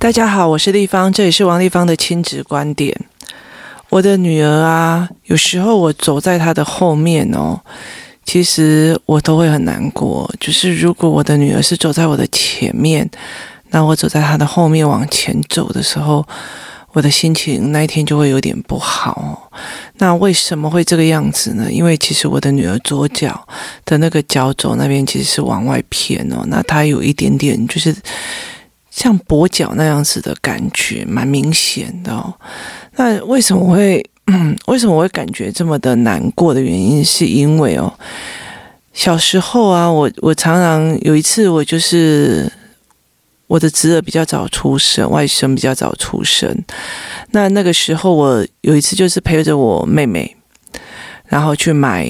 大家好，我是麗芳，這裡是王麗芳的親子觀點。我的女兒啊，有時候我走在她的後面哦，其實我都會很難過。就是如果我的女兒是走在我的前面，那我走在她的後面往前走的時候，我的心情那一天就會有點不好哦。那為什麼會這個樣子呢？因為其實我的女兒左腳的那個腳肘那邊其實是往外偏哦，那她有一點點就是。像跛腳那樣子的感覺，蠻明顯的哦。那為什麼我會，為什麼我會感覺這麼的難過的原因，是因為哦，小時候啊，我我常常有一次，我就是我的侄兒比較早出生，外甥比較早出生。那那個時候，我有一次就是陪着我妹妹，然後去買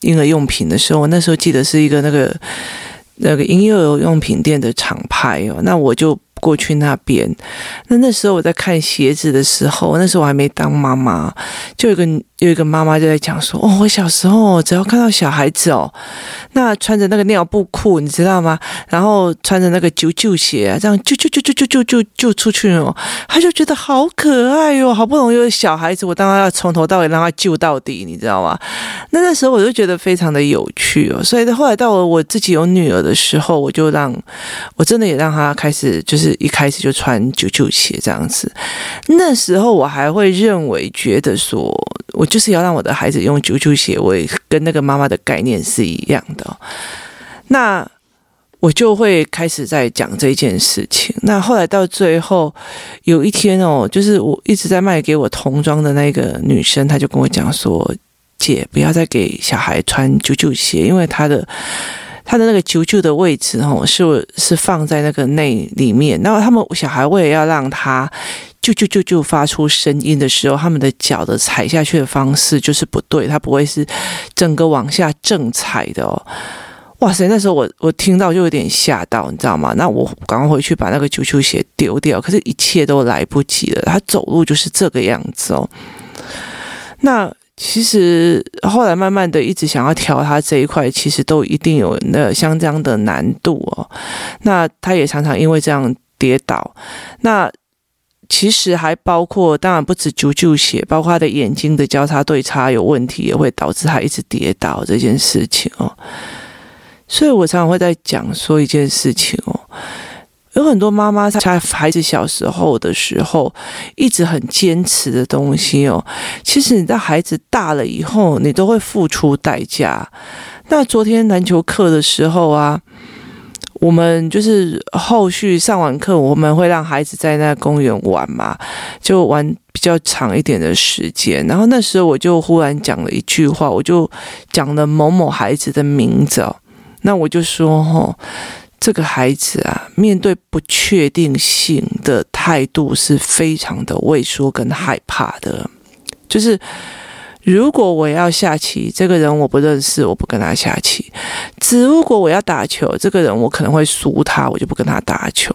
嬰兒用品的時候，我那時候記得是一個那個。那個嬰幼兒用品店的廠拍哦，那我就過去那邊，那那時候我在看鞋子的時候，那時候我還沒當媽媽，就有一個有一個媽媽就在講說：“哦，我小時候只要看到小孩子哦，那穿着那個尿布褲，你知道嗎？然後穿着那個啾啾鞋、啊，這樣啾啾啾啾啾啾啾出去哦，他就覺得好可愛喲、哦，好不容易有小孩子，我當然要從頭到尾讓他啾到底，你知道嗎？那那時候我就覺得非常的有趣哦，所以後來到了我自己有女兒的時候，我就讓我真的也讓他開始就是。是一開始就穿啾啾鞋這樣子，那時候我還會認為覺得說，我就是要讓我的孩子用啾啾鞋，我也跟那個媽媽的概念是一樣的。那我就會開始在講這件事情。那後來到最後有一天哦、喔，就是我一直在賣給我童裝的那個女生，她就跟我講說：“姐，不要再給小孩穿啾啾鞋，因為她的。”他的那個啾啾的位置，哦，吼，是是放在那個內裡面。然後他們小孩為了要讓他啾啾啾啾發出聲音的時候，他們的腳的踩下去的方式就是不對，他不會是整個往下正踩的哦。哇塞，那時候我我聽到就有點嚇到，你知道嗎？那我趕快回去把那個啾啾鞋丟掉，可是一切都來不及了。他走路就是這個樣子哦。那。其實後來慢慢的，一直想要調他這一塊，其實都一定有那相當的難度哦。那他也常常因為這樣跌倒，那其實還包括當然不止啾啾鞋，包括他的眼睛的交叉對差有問題，也會導致他一直跌倒這件事情哦。所以我常常會在講說一件事情哦。有很多媽媽在孩子小時候的時候一直很堅持的東西哦，其實你到孩子大了以後，你都會付出代價。那昨天籃球課的時候啊，我們就是後續上完課，我們會讓孩子在那公園玩嘛，就玩比較長一點的時間。然後那時候我就忽然講了一句話，我就講了某某孩子的名字哦，那我就說吼！這個孩子啊，面對不確定性的態度是非常的畏縮跟害怕的。就是，如果我要下棋，這個人我不認識，我不跟他下棋；只如果我要打球，這個人我可能會輸他，我就不跟他打球。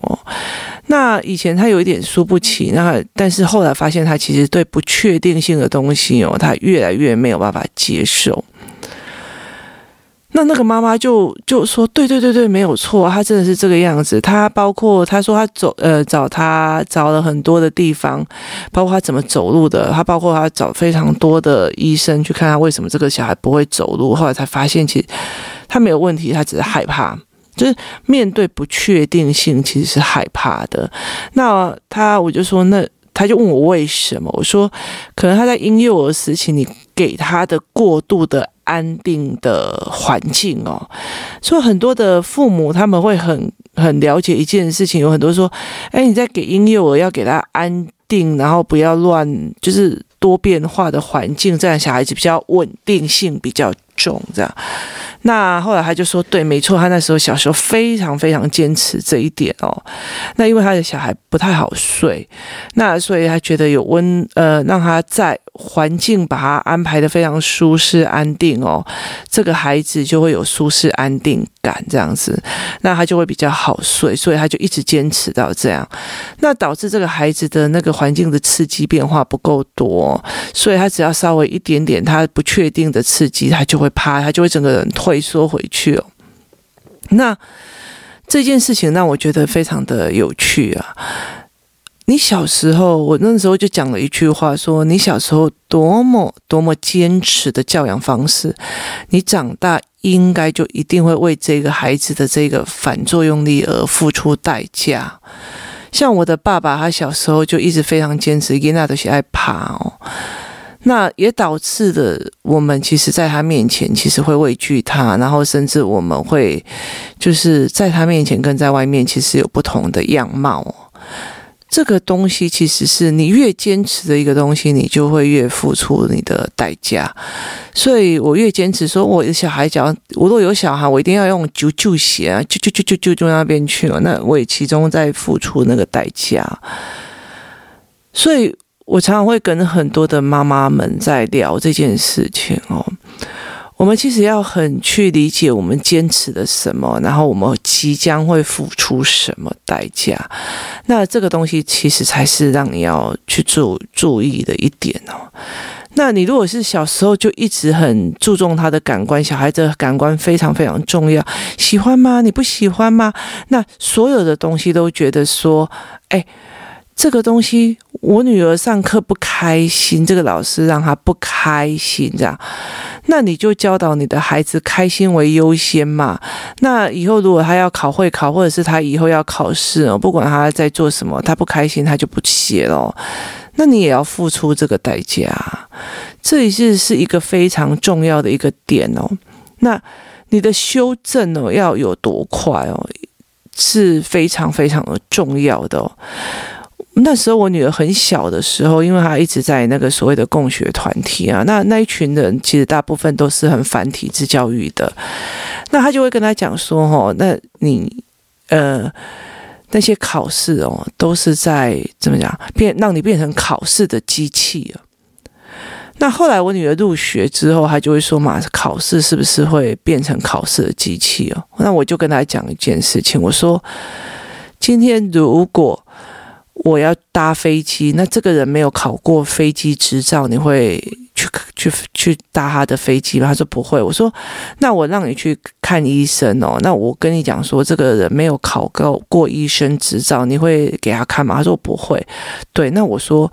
那以前他有一點輸不起，那但是後來發現，他其實對不確定性的東西哦，他越來越沒有辦法接受。那那個媽媽就就說：“對對對對，沒有錯，他真的是這個樣子。他包括他說他走呃找他找了很多的地方，包括他怎麼走路的，他包括他找非常多的醫生去看他為什麼這個小孩不會走路。後來才發現，其實他沒有問題，他只是害怕，就是面對不確定性其實是害怕的。那他我就說那。”他就問我為什麼，我說可能他在嬰幼兒時期你給他的過度的安定的環境哦，所以很多的父母他們會很很了解一件事情，有很多說，哎，你在給嬰幼兒要給他安定，然後不要亂，就是多變化的環境，這樣小孩子比較穩定性比較。重這樣，那後來他就說，對，沒錯，他那時候小時候非常非常堅持這一點哦。那因為他的小孩不太好睡，那所以他覺得有溫呃，讓他在環境把他安排得非常舒適安定哦，這個孩子就會有舒適安定。這樣子，那他就會比較好睡，所以他就一直堅持到這樣，那導致這個孩子的那個環境的刺激變化不夠多，所以他只要稍微一點點他不確定的刺激，他就會怕，他就會整個人退縮回去。那這件事情讓我覺得非常的有趣啊！你小時候，我那時候就講了一句話說，說你小時候多麼多麼堅持的教養方式，你長大。應該就一定會為這個孩子的這個反作用力而付出代價。像我的爸爸，他小時候就一直非常堅持，伊那都喜愛爬哦。那也導致的，我們其實在他面前其實會畏懼他，然後甚至我們會就是在他面前跟在外面其實有不同的樣貌。這個東西其實是你越堅持的一個東西，你就會越付出你的代價。所以我越堅持說我，我的小孩，講我如果有小孩，我一定要用啾啾鞋啊，啾啾啾啾啾中那邊去了，那我也其中在付出那個代價。所以我常常會跟很多的媽媽們在聊這件事情哦。我們其實要很去理解我們堅持了什麼，然後我們即將會付出什麼代價。那這個東西其實才是讓你要去注注意的一點哦。那你如果是小時候就一直很注重他的感官，小孩子的感官非常非常重要。喜歡嗎？你不喜歡嗎？那所有的東西都覺得說，哎。這個東西，我女兒上課不開心，這個老師讓她不開心，這樣，那你就教導你的孩子開心為優先嘛。那以後如果他要考會考，或者是他以後要考試哦，不管他在做什麼，他不開心他就不寫囉。那你也要付出這個代價。這也是是一個非常重要的一個點哦。那你的修正哦，要有多快哦，是非常非常的重要的哦。那時候我女兒很小的時候，因為她一直在那個所謂的共學團體啊，那那一群人其實大部分都是很反體制教育的。那他就會跟她講說：“哦，那你，呃，那些考試哦，都是在怎麼講，變讓你變成考試的機器啊。”那後來我女兒入學之後，她就會說嘛：“考試是不是會變成考試的機器哦？”那我就跟她講一件事情，我說：“今天如果。”我要搭飛機，那這個人沒有考過飛機執照，你會去去去搭他的飛機嗎？他說不會。我說，那我讓你去看醫生哦。那我跟你講說，這個人沒有考過過醫生執照，你會給他看嗎？他說不會。對，那我說，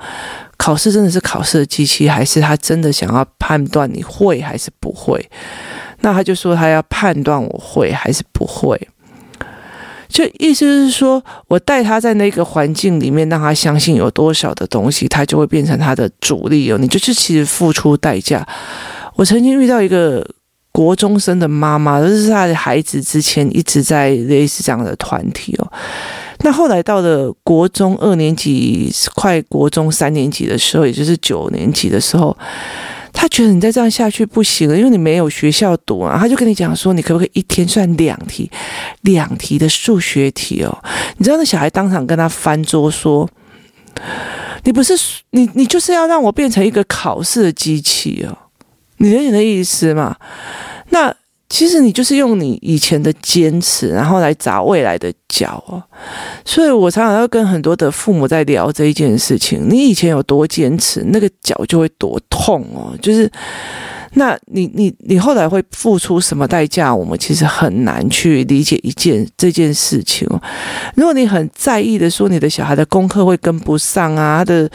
考試真的是考試的機器，還是他真的想要判斷你會還是不會？那他就說他要判斷我會還是不會。就意思就是說，我帶他在那個環境裡面，讓他相信有多少的東西，他就會變成他的主力哦。你就是其實付出代價。我曾經遇到一個國中生的媽媽，就是他的孩子之前一直在類似這樣的團體哦。那後來到了國中二年級，快國中三年級的時候，也就是九年級的時候。他覺得你再這樣下去不行了，因為你沒有學校讀啊。他就跟你講說，你可不可以一天算兩題、兩題的數學題哦？你知道那小孩當場跟他翻桌說：“你不是你，你就是要讓我變成一個考試的機器哦？你有你的意思嘛？”那。其實你就是用你以前的堅持，然後來砸未來的腳哦。所以我常常要跟很多的父母在聊這一件事情，你以前有多堅持，那個腳就會多痛哦。就是。那你你你後來會付出什麼代價？我們其實很難去理解一件這件事情。如果你很在意的說，你的小孩的功課會跟不上啊，他的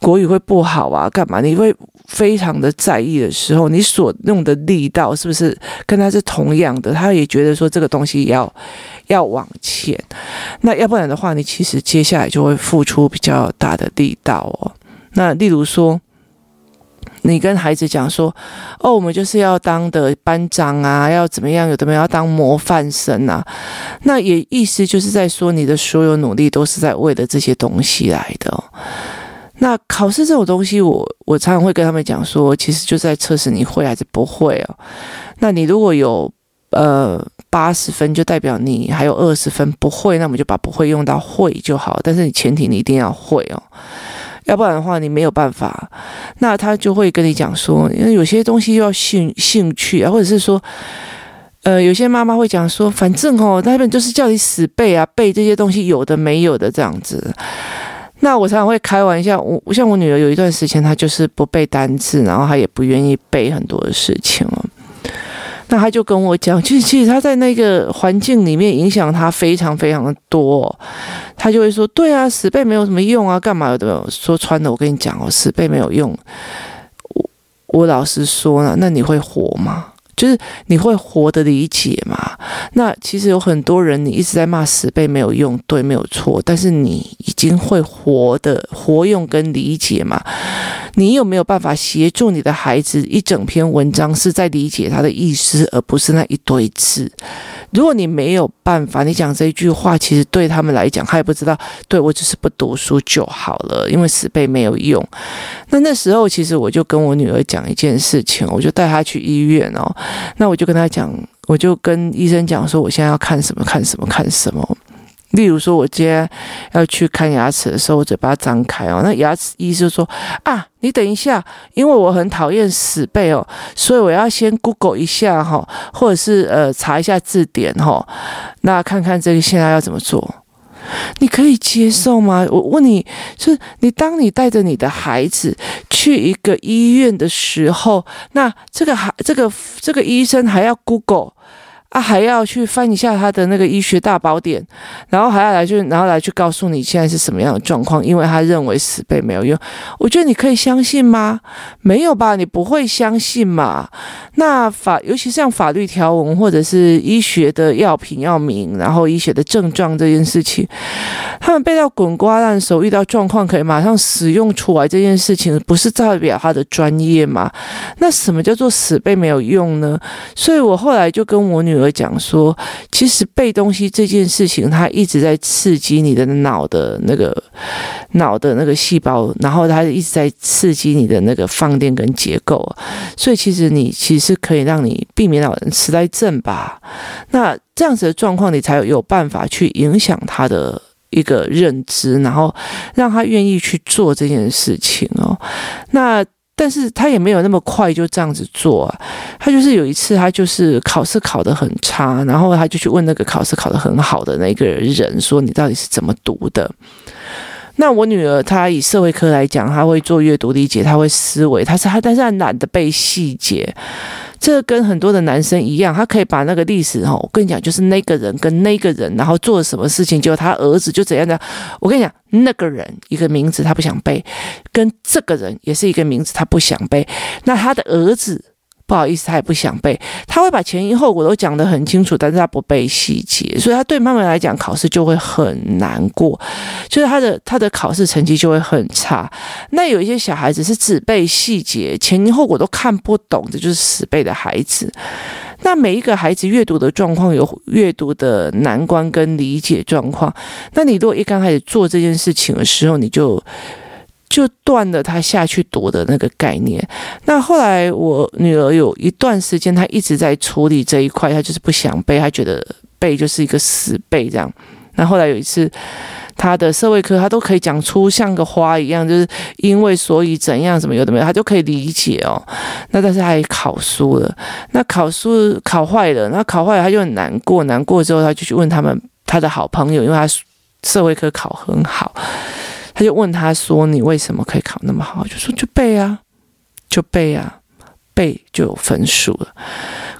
國語會不好啊，幹嘛？你會非常的在意的時候，你所用的力道是不是跟他是同樣的？他也覺得說這個東西要要往前，那要不然的話，你其實接下來就會付出比較大的力道哦。那例如說。你跟孩子講說，哦，我們就是要當的班長啊，要怎麼樣？有的沒有，要當模範生啊。那也意思就是在說，你的所有努力都是在為了這些東西來的，哦。那考試這種東西我，我我常常會跟他們講說，其實就在測試你會還是不會哦。那你如果有呃八十分，就代表你還有二十分不會，那我們就把不會用到會就好。但是你前提你一定要會哦，要不然的話，你沒有辦法。那他就會跟你講說，因為有些東西要興興趣啊，或者是說，呃，有些媽媽會講說，反正哦，他們就是叫你死背啊，背這些東西，有的沒有的這樣子。那我常常會開玩笑，我我像我女兒有一段時間，她就是不背單詞，然後她也不願意背很多的事情了。那他就跟我講，其實其實他在那個環境裡面影響他非常非常的多，他就會說，對啊，死背沒有什麼用啊，幹嘛有的？說穿了，我跟你講哦，死背沒有用。我我老實說了、啊，那你會活嗎？就是你會活的理解嘛？那其實有很多人，你一直在罵死背沒有用，對，沒有錯。但是你已經會活的活用跟理解嘛？你有沒有辦法協助你的孩子一整篇文章是在理解他的意思，而不是那一堆字？如果你沒有辦法，你講這一句話，其實對他們來講，他也不知道。對，我只是不讀書就好了，因為死背沒有用。那那時候，其實我就跟我女兒講一件事情，我就帶她去醫院哦。那我就跟他講，我就跟醫生講說，我現在要看什麼看什麼看什麼。例如說，我今天要去看牙齒的時候，我嘴巴張開哦。那牙齒醫生說啊，你等一下，因為我很討厭死背哦，所以我要先 Google 一下哈、哦，或者是呃查一下字典哈、哦，那看看這個現在要怎麼做。你可以接受嗎？我問你，就是你，當你帶着你的孩子去一個醫院的時候，那這個孩，這個這個醫生還要 Google。啊，還要去翻一下他的那個醫學大寶典，然後還要來去，然後來去告訴你現在是什麼樣的狀況，因為他認為死背沒有用。我覺得你可以相信嗎？沒有吧，你不會相信嘛。那法，尤其是像法律條文或者是醫學的藥品藥名，然後醫學的症狀這件事情，他們背到滾瓜爛熟，遇到狀況可以馬上使用出來這件事情，不是代表他的專業嘛？那什麼叫做死背沒有用呢？所以我後來就跟我女兒。會講說，其實背東西這件事情，它，一直在刺激你的腦的那個腦的那個細胞，然後它一直在刺激你的那個放電跟結構，所以其實你其實可以讓你避免老人痴呆症吧。那這樣子的狀況，你才有有辦法去影響他的一個認知，然後讓他願意去做這件事情哦。那但是他也沒有那麼快就這樣子做啊，他就是有一次，他就是考試考得很差，然後他就去問那個考試考得很好的那個人說：“你到底是怎麼讀的？”那我女兒她以社會科來講，她會做閱讀理解，她會思維，她是她，但是她懶得背細節。這跟很多的男生一樣，他可以把那個歷史哈，我跟你講，就是那個人跟那個人，然後做了什麼事情，結果他兒子就怎樣的。我跟你講，那個人一個名字他不想背，跟這個人也是一個名字他不想背，那他的兒子。不好意思，他也不想背，他會把前因後果都講得很清楚，但是他不背細節，所以他對媽媽來講考試就會很難過，所以他的他的考試成績就會很差。那有一些小孩子是只背細節，前因後果都看不懂的，就是死背的孩子。那每一個孩子閱讀的狀況，有閱讀的難關跟理解狀況，那你如果一剛開始做這件事情的時候，你就。就斷了他下去讀的那個概念。那後來我女兒有一段時間，她一直在處理這一塊，她就是不想背，她覺得背就是一個死背這樣。那後來有一次，她的社會科她都可以講出像個花一樣，就是因為所以怎樣怎麼有怎麼樣，她就可以理解哦、喔。那但是她也考輸了，那考輸考壞了，那考壞了她就很難過，難過之後她就去問他們她的好朋友，因為她社會科考很好。他就問他說：“你為什麼可以考那麼好？”就說：“就背啊，就背啊，背就有分數了。”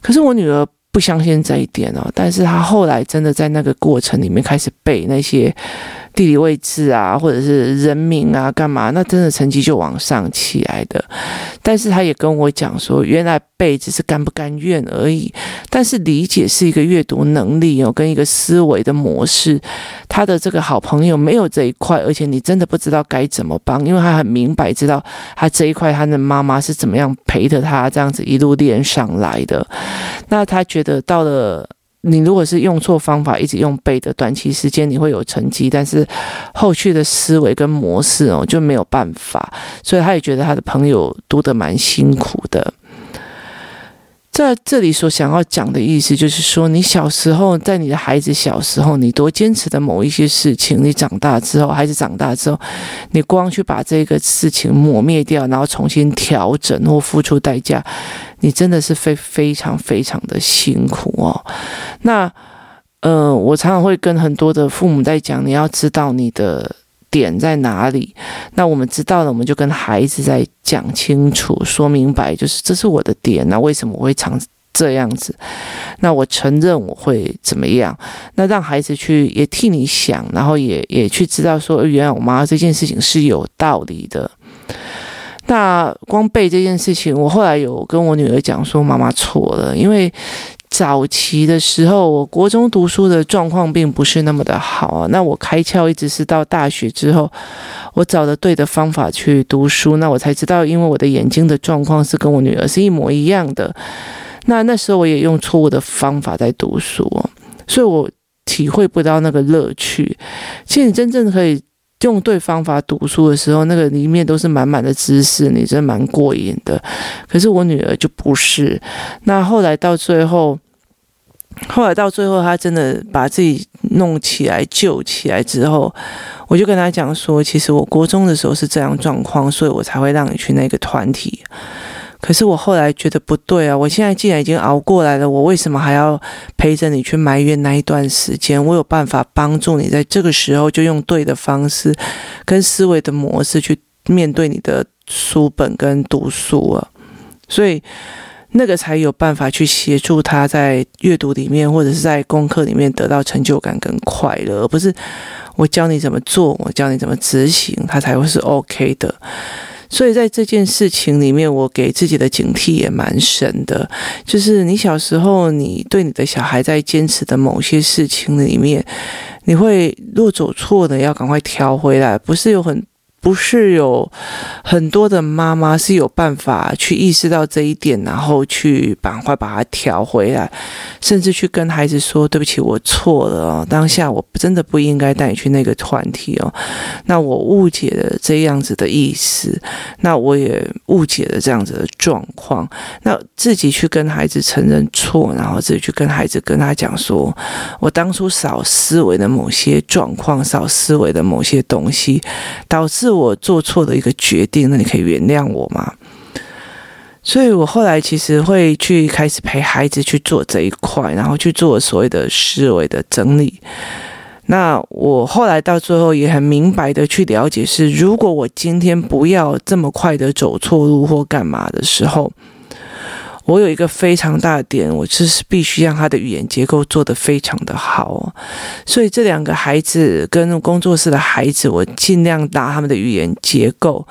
可是我女兒不相信這一點哦，但是她後來真的在那個過程裡面開始背那些。地理位置啊，或者是人名啊，幹嘛？那真的成績就往上起來的。但是他也跟我講說，原來背只是甘不甘願而已。但是理解是一個閱讀能力哦，跟一個思維的模式。他的這個好朋友沒有這一塊，而且你真的不知道該怎麼幫，因為他很明白知道他這一塊他的媽媽是怎麼樣陪着他這樣子一路練上來的。那他覺得到了。你如果是用錯方法，一直用背的，短期時間你會有成績，但是後續的思維跟模式哦，就沒有辦法。所以他也覺得他的朋友讀得蠻辛苦的。在這裡所想要講的意思，就是說你小時候，在你的孩子小時候，你多堅持的某一些事情，你長大之後，孩子長大之後，你光去把這個事情抹滅掉，然後重新調整或付出代價，你真的是非非常非常的辛苦哦。那，呃，我常常會跟很多的父母在講，你要知道你的點在哪裡。那我們知道了，我們就跟孩子在講清楚、說明白，就是這是我的點。那、啊、為什麼我會常這樣子？那我承認我會怎麼樣？那讓孩子去也替你想，然後也也去知道說、呃，原來我媽這件事情是有道理的。那光背這件事情，我後來有跟我女兒講說，媽媽錯了，因為。早期的時候，我國中讀書的狀況並不是那麼的好啊。那我開竅一直是到大學之後，我找了對的方法去讀書，那我才知道，因為我的眼睛的狀況是跟我女兒是一模一樣的。那那時候我也用錯誤的方法在讀書啊，所以我體會不到那個樂趣。其實你真正可以。用對方法讀書的時候，那個裡面都是滿滿的知識，你真的蠻過癮的。可是我女兒就不是。那後來到最後，後來到最後，她真的把自己弄起來、救起來之後，我就跟她講說，其實我國中的時候是這樣狀況，所以我才會讓你去那個團體。可是我後來覺得不對啊！我現在既然已經熬過來了，我為什麼還要陪着你去埋怨那一段時間？我有辦法幫助你，在這個時候就用對的方式跟思維的模式去面對你的書本跟讀書啊。所以那個才有辦法去協助他在閱讀裡面或者是在功課裡面得到成就感跟快樂，而不是我教你怎麼做，我教你怎麼執行，他才會是 OK 的。所以在這件事情裡面，我給自己的警惕也蠻深的。就是你小時候，你對你的小孩在堅持的某些事情裡面，你會若走錯的，要趕快調回來，不是有很。不是有很多的媽媽是有辦法去意識到這一點，然後去趕快把它調回來，甚至去跟孩子說對不起，我錯了哦，當下我真的不應該帶你去那個團體哦，那我誤解了這樣子的意思，那我也誤解了這樣子的狀況，那自己去跟孩子承認錯，然後自己去跟孩子跟他講說，我當初少思維的某些狀況，少思維的某些東西，導致。是我做錯的一個決定，那你可以原諒我嗎？所以我後來其實會去開始陪孩子去做這一塊，然後去做所謂的思維的整理。那我後來到最後也很明白的去了解是，是如果我今天不要這麼快的走錯路或幹嘛的時候。我有一個非常大的點，我就是必須讓他的語言結構做得非常的好，所以這兩個孩子跟工作室的孩子，我儘量拿他們的語言結構，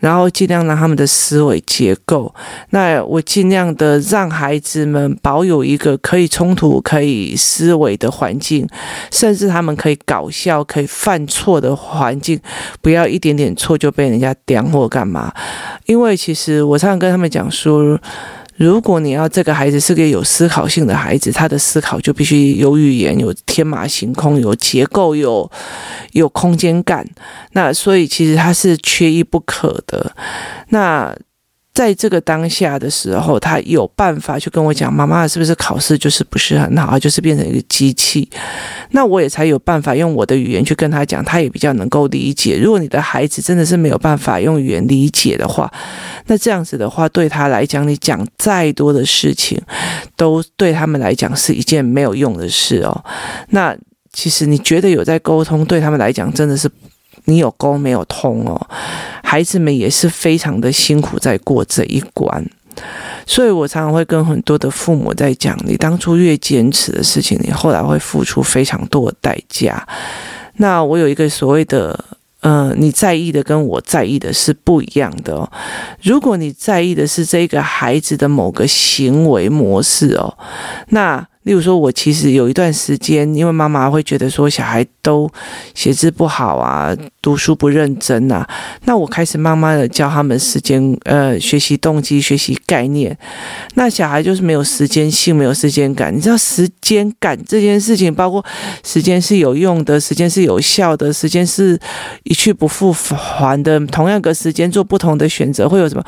然後儘量讓他們的思維結構。那我儘量的讓孩子們保有一個可以衝突、可以思維的環境，甚至他們可以搞笑、可以犯錯的環境，不要一點點錯就被人家點或幹嘛。因為其實我常常跟他們講說。如果你要這個孩子是個有思考性的孩子，他的思考就必須有語言，有天馬行空，有結構，有有空間感，那所以其實他是缺一不可的，那。在這個當下的時候，他有辦法去跟我講，媽媽是不是考試就是不是很好啊，就是變成一個機器，那我也才有辦法用我的語言去跟他講，他也比較能夠理解。如果你的孩子真的是沒有辦法用語言理解的話，那這樣子的話對他來講，你講再多的事情，都對他們來講是一件沒有用的事哦。那其實你覺得有在溝通，對他們來講真的是你有溝沒有通哦。孩子們也是非常的辛苦，在過這一關，所以我常常會跟很多的父母在講，你當初越堅持的事情，你後來會付出非常多的代價。那我有一個所謂的，嗯、呃，你在意的跟我在意的是不一樣的哦。如果你在意的是這個孩子的某個行為模式哦，那例如說我其實有一段時間，因為媽媽會覺得說小孩都寫字不好啊。嗯讀書不認真吶、啊，那我開始慢慢的教他們時間，呃，學習動機、學習概念。那小孩就是沒有時間性，沒有時間感。你知道時間感這件事情，包括時間是有用的，時間是有效的，時間是一去不復返的。同樣個時間做不同的選擇會有什麼？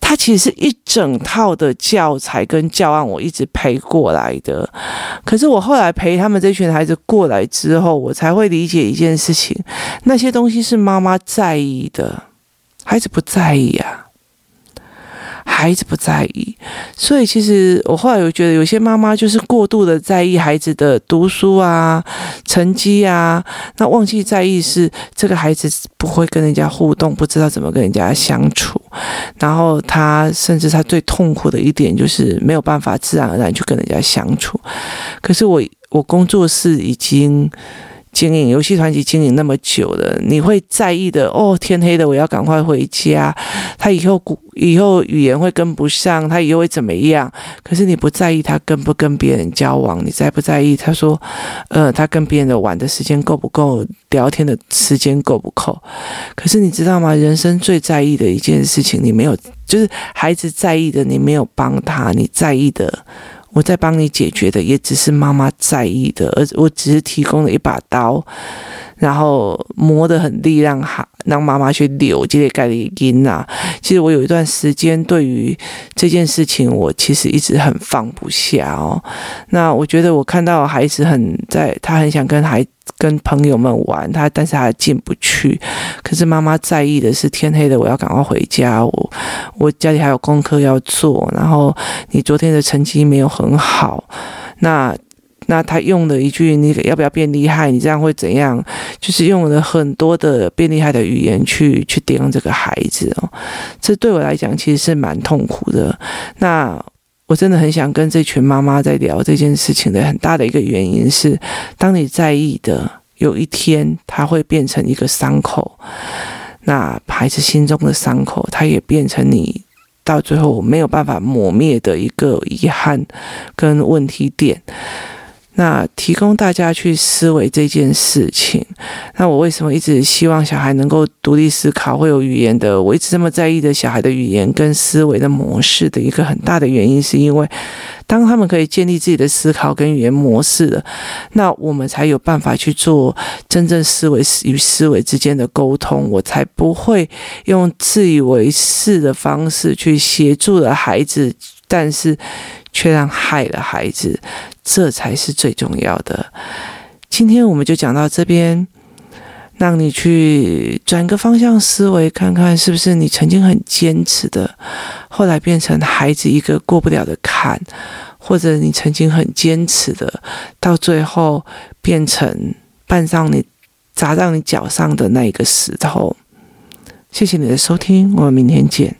他其實是一整套的教材跟教案，我一直陪過來的。可是我後來陪他們這群孩子過來之後，我才會理解一件事情，那些東東西是媽媽在意的，孩子不在意啊，孩子不在意，所以其實我後來我覺得，有些媽媽就是過度的在意孩子的讀書啊、成績啊，那忘記在意是這個孩子不會跟人家互動，不知道怎麼跟人家相處，然後他甚至他最痛苦的一點就是沒有辦法自然而然去跟人家相處。可是我我工作室已經。經營遊戲團體經營那麼久了，你會在意的哦。天黑了，我要趕快回家。他以後以後語言會跟不上，他以後會怎麼樣？可是你不在意他跟不跟別人交往，你在不在意他說，呃，他跟別人的玩的時間夠不夠，聊天的時間夠不夠？可是你知道嗎？人生最在意的一件事情，你沒有，就是孩子在意的，你沒有幫他，你在意的。我在幫你解決的，也只是媽媽在意的，而我只是提供了一把刀。然後磨得很利，讓孩、讓媽媽去留這些概念啊。其實我有一段時間對於這件事情，我其實一直很放不下哦。那我覺得我看到孩子很在，他很想跟孩子跟朋友們玩，他但是他進不去。可是媽媽在意的是天黑了，我要趕快回家。我我家裡還有功課要做，然後你昨天的成績沒有很好，那。那他用了一句“那個要不要變厲害？你這樣會怎樣？”就是用了很多的變厲害的語言去去點這個孩子哦。這對我來講其實是蠻痛苦的。那我真的很想跟這群媽媽在聊這件事情的很大的一個原因是，當你在意的有一天它會變成一個傷口，那孩子心中的傷口，它也變成你到最後沒有辦法抹滅的一個遺憾跟問題點。那提供大家去思維這件事情，那我為什麼一直希望小孩能夠獨立思考，會有語言的？我一直這麼在意的小孩的語言跟思維的模式的一個很大的原因，是因為當他們可以建立自己的思考跟語言模式了，那我們才有辦法去做真正思維與思維之間的溝通。我才不會用自以為是的方式去協助了孩子，但是。卻讓害了孩子，這才是最重要的。今天我們就講到這邊，讓你去轉個方向思維，看看是不是你曾經很堅持的，後來變成孩子一個過不了的坎，或者你曾經很堅持的，到最後變成絆上你、砸到你腳上的那一個石頭。謝謝你的收聽，我們明天見。